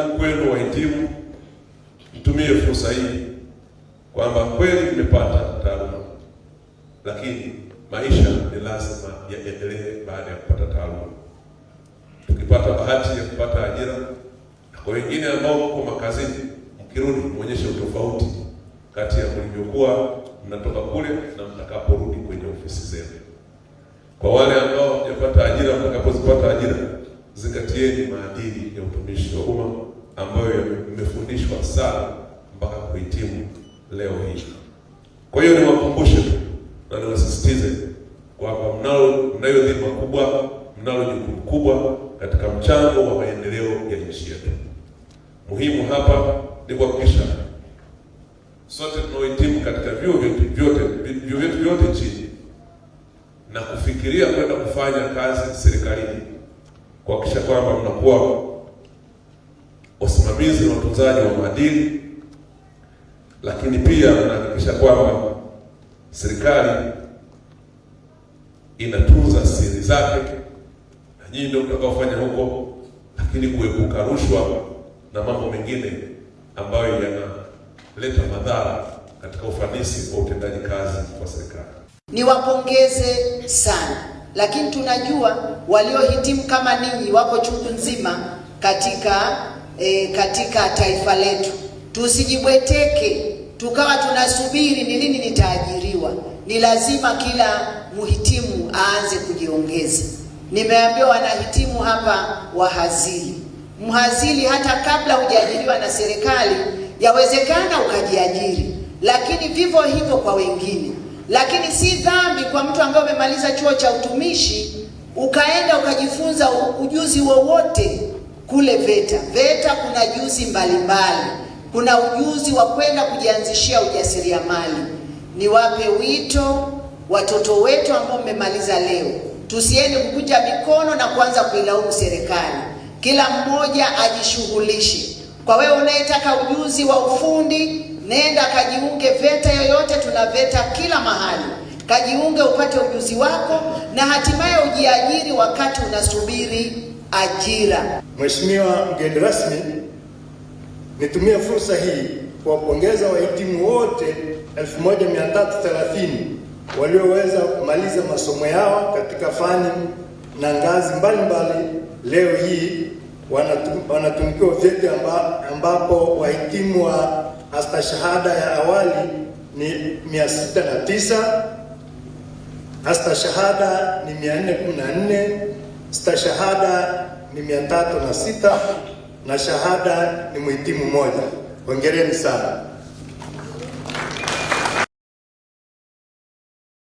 kwenu wahitimu, mtumie fursa hii kwamba kweli mmepata taaluma, lakini maisha ni lazima yaendelee baada ya kupata taaluma. Tukipata bahati ya kupata ajira, na kwa wengine ambao mko makazini, mkirudi muonyeshe utofauti kati ya mlivyokuwa mnatoka kule na mtakaporudi kwenye ofisi zenu. Kwa wale ambao hawajapata ajira, mtakapozipata ajira, zingatieni maadili ya utumishi ambayo imefundishwa sana mpaka kuhitimu leo hii. Kwa hiyo niwakumbushe tu na niwasisitize kwamba mnalo mnayo dhima kubwa, mnalo jukumu kubwa katika mchango wa maendeleo ya nchi yetu. Muhimu hapa ni kuhakikisha sote tunaohitimu katika vyuo vyetu vyote nchini na kufikiria kwenda kufanya kazi serikalini, kuhakikisha kwamba mnakuwa usimamizi na utunzaji wa maadili, lakini pia tunahakikisha kwamba serikali inatunza siri zake, na nyinyi ndio mtakaofanya huko, lakini kuepuka rushwa na mambo mengine ambayo yanaleta madhara katika ufanisi wa utendaji kazi wa serikali. Niwapongeze sana, lakini tunajua waliohitimu kama ninyi wako chungu nzima katika e, katika taifa letu. Tusijibweteke tukawa tunasubiri ni lini nitaajiriwa. Ni lazima kila mhitimu aanze kujiongeza. Nimeambiwa wanahitimu hapa wahazili, mhazili hata kabla hujaajiriwa na serikali yawezekana ukajiajiri, lakini vivyo hivyo kwa wengine. Lakini si dhambi kwa mtu ambaye umemaliza chuo cha utumishi ukaenda ukajifunza ujuzi wowote kule VETA. VETA kuna juzi mbalimbali, kuna ujuzi wa kwenda kujianzishia ujasiriamali. Niwape wito watoto wetu ambao mmemaliza leo, tusiende kukunja mikono na kuanza kuilaumu serikali. Kila mmoja ajishughulishe. Kwa wewe unayetaka ujuzi wa ufundi, nenda kajiunge VETA yoyote, tuna VETA kila mahali. Kajiunge upate ujuzi wako na hatimaye ujiajiri wakati unasubiri ajira. Mheshimiwa mgeni rasmi, nitumie fursa hii kuwapongeza wahitimu wote 1330 walioweza kumaliza masomo yao katika fani na ngazi mbalimbali. Leo hii wanatumikiwa vyeti amba, ambapo wahitimu wa astashahada ya awali ni 609, astashahada ni 414 stashahada ni mia tatu na sita na shahada ni mhitimu moja Hongereni sana.